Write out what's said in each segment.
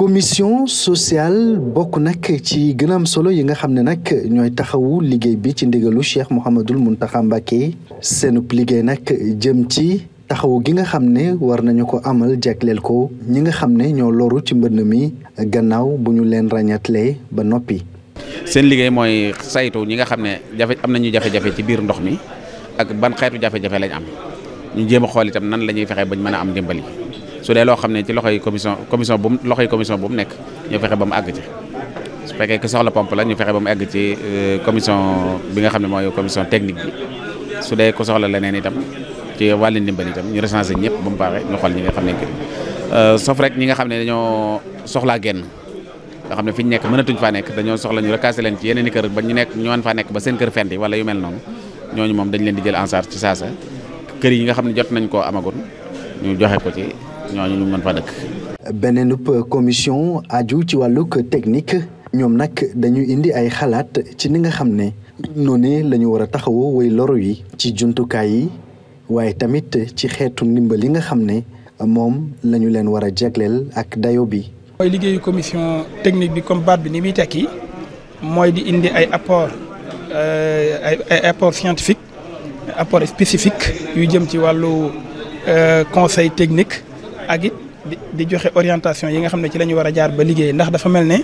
commission sociale bokk nag ci gën a am solo yi nga xam ne nag ñooy taxawu liggéey bi ci ndigalu Cheikh Mouhamadul Mountakha Mbacké seenub liggéey nag jëm ci taxawu gi nga xam ne war nañu ko amal jagleel ko ñi nga xam ne ñoo loru ci mbënn mi gannaaw bu ñu leen ràññatlee ba noppi. seen liggéey mooy saytu ñi nga xam ne jafe am nañu jafe-jafe ci biir ndox mi ak ban xeetu jafe-jafe lañ am ñu jéem a xool itam nan la ñuy fexe bañ mën a am njëmbal yi su dee loo xam ne ci loxo commission commission bu loxoy commission bu mu nekk ñu fexe ba mu àgg ci su fekkee ki soxla pompe la ñu fexe ba mu àgg ci euh, commission bi nga xam ne mooy commission technique bi su dee ko soxla leneen itam ci wàllu ndimbal itam ñu recensé ñëpp ba mu pare ñu xool ñi nga xam ne euh, ñi nga xam ne dañoo soxlaa génn nga xam ne fi ñu nekk mënatuñ faa nekk dañoo soxla ñu recasé leen ci yeneen i kër ba ñu nekk ñu wan faa nekk ba seen kër fenti wala yu mel noonu ñooñu moom dañ leen di jël en ci saasa kër yi nga xam ne jot nañ koo amagun ñu joxe ko ci ñooñu ñu mën beneen commission aju ci wàllug technique ñoom nag dañuy indi ay xalaat ci ni nga xam ne noonu lañu ñu war a taxawoo way loru yi ci jumtukaay yi waaye tamit ci xeetu ndimbal yi nga xam ne moom la leen war a jagleel ak dayo bi. mooy liggéeyu commission technique bi comme baat bi ni muy tekki mooy di indi ay apport euh, ay ay scientifique apport spécifique yu jëm ci wàllu euh, conseil technique ak di joxe orientation yi nga xam ne ci la ñu war a jaar ba liggéey ndax dafa mel ne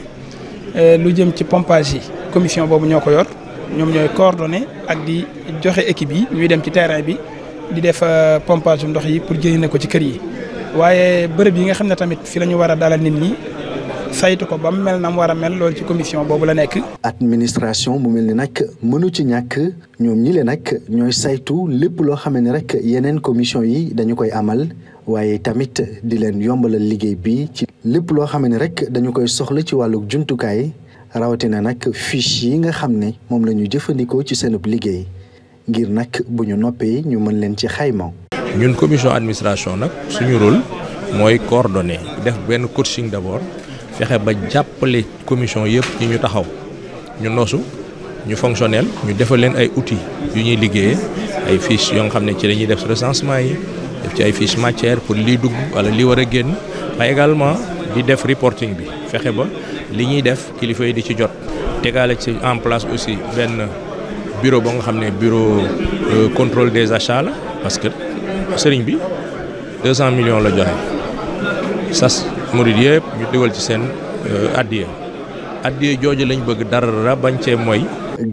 euh, lu jëm ci pompage yi commission boobu ñoo ko yor ñoom ñooy coordonné ak di joxe équipe yi ñuy dem ci terrain bi di def euh, pompage ndox yi pour jëriñoo ko ci kër yi. waaye bërëb yi nga xam ne tamit fi la ñu war a dalal nit ñi saytu ko ba mu mel na mu war a mel loolu ci commission boobu la nekk. administration mu mel ni nag mënu ci ñàkk ñoom ñi le nag ñooy saytu lépp loo xam ne rek yeneen commission yi dañu koy amal. waaye tamit di leen yombalal liggéey bi ci lépp loo xam ne rek dañu koy soxla ci wàllu jumtukaay rawatina nag fiche yi nga xam ne moom la ñu jëfandikoo ci seenub liggéey ngir nag bu ñu noppee ñu mën leen ci xayma. ñun commission administration nag suñu rôle mooy coordonner def benn coaching d'abord fexe ba jàppale commission yëpp ci ñu taxaw ñu noosu ñu fonctionnel ñu defal leen ay outils yu ñuy liggéeyee. ay fiches yoo nga xam ne ci la ñuy def recensement yi def ci ay fiches matière pour lii dugg wala li war a génn waaye également di def reporting bi fexe ba li ñuy def kilifa yi di ci jot. tegaale ci en place aussi benn bureau ba nga xam ne bureau euh, contrôle des achats la parce que sëriñ bi 200 millions la joxe sas murid yëpp ñu dugal ci seen euh, addiya addiye jooju lañ bëgg dara bañ cee mooy.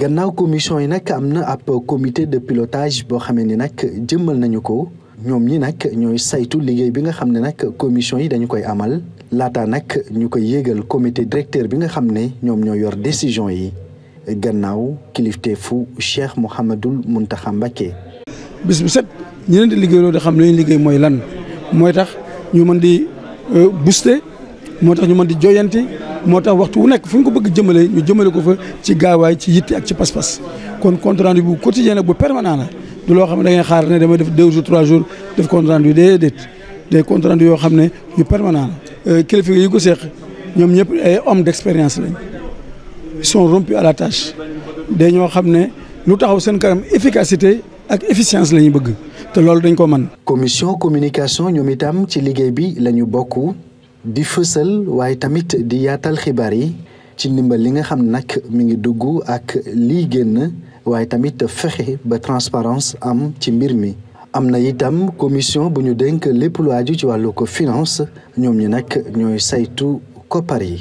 gannaaw commission yi nag am na ab comité de pilotage boo xamee ni nag jëmmal nañu ko ñoom ñi nag ñooy saytu liggéey bi nga xam ne nag commission yi dañu koy amal laata nag ñu koy yéegal comité directeur bi nga xam ne ñoom ñoo yor décision yi gannaaw fu Cheikh Mouhamadul Mountakha Mbacké. bis bu set ñu leen di liggéeyloo di xam li liggéey mooy lan mooy tax ñu mën di euh, booster moo tax ñu mën di joyanti. moo tax waxtu wu nekk fu ko bëgg jëmale ñu jëmale ko fa ci gaawaay ci yitte ak ci pas-pas kon compte rendu bu quotidien nag bu permanent la du loo xam ne da ngay xaar ne damay def deux jours trois jours def compte rendu déedéet des compte yoo xam ne yu permanent la euh, kilifa yi ko ñoom ñëpp ay homme d' expérience lañ ils sont à la tâche da ñoo xam ne lu taxaw seen kanam efficacité ak efficience la bëgg te loolu dañ ko mën commission communication ñoom itam ci liggéey bi la ñu bokk di fësal waaye tamit di yaatal xibaar yi ci ndimbal li nga xam nag mi ngi dugg ak lii génn waaye tamit fexe ba transparence am ci mbir mi am na itam commission bu ñu dénk lépp lu aju ci wàllu ko finance ñoom ñi nag ñooy saytu koppar yi